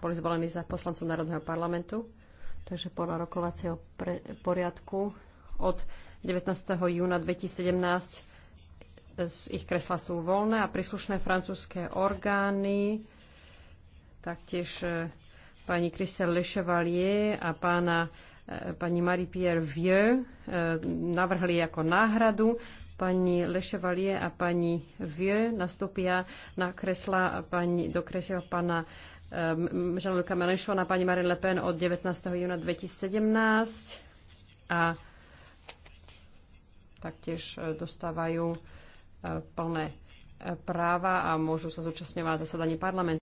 boli zvolení za poslancov Národného parlamentu. Takže podľa rokovacieho pre, poriadku od 19. júna 2017 z ich kresla sú voľné a príslušné francúzské orgány, taktiež e, pani Christelle Le Chevalier a pána e, pani Marie-Pierre Vieux e, navrhli ako náhradu Pani Leševalie a pani Vie nastúpia na kresla pani, do kresiel pana um, Jean-Luc a pani Marine Le Pen od 19. júna 2017 a taktiež eh, dostávajú eh, plné práva a môžu sa zúčastňovať zasadanie parlamentu.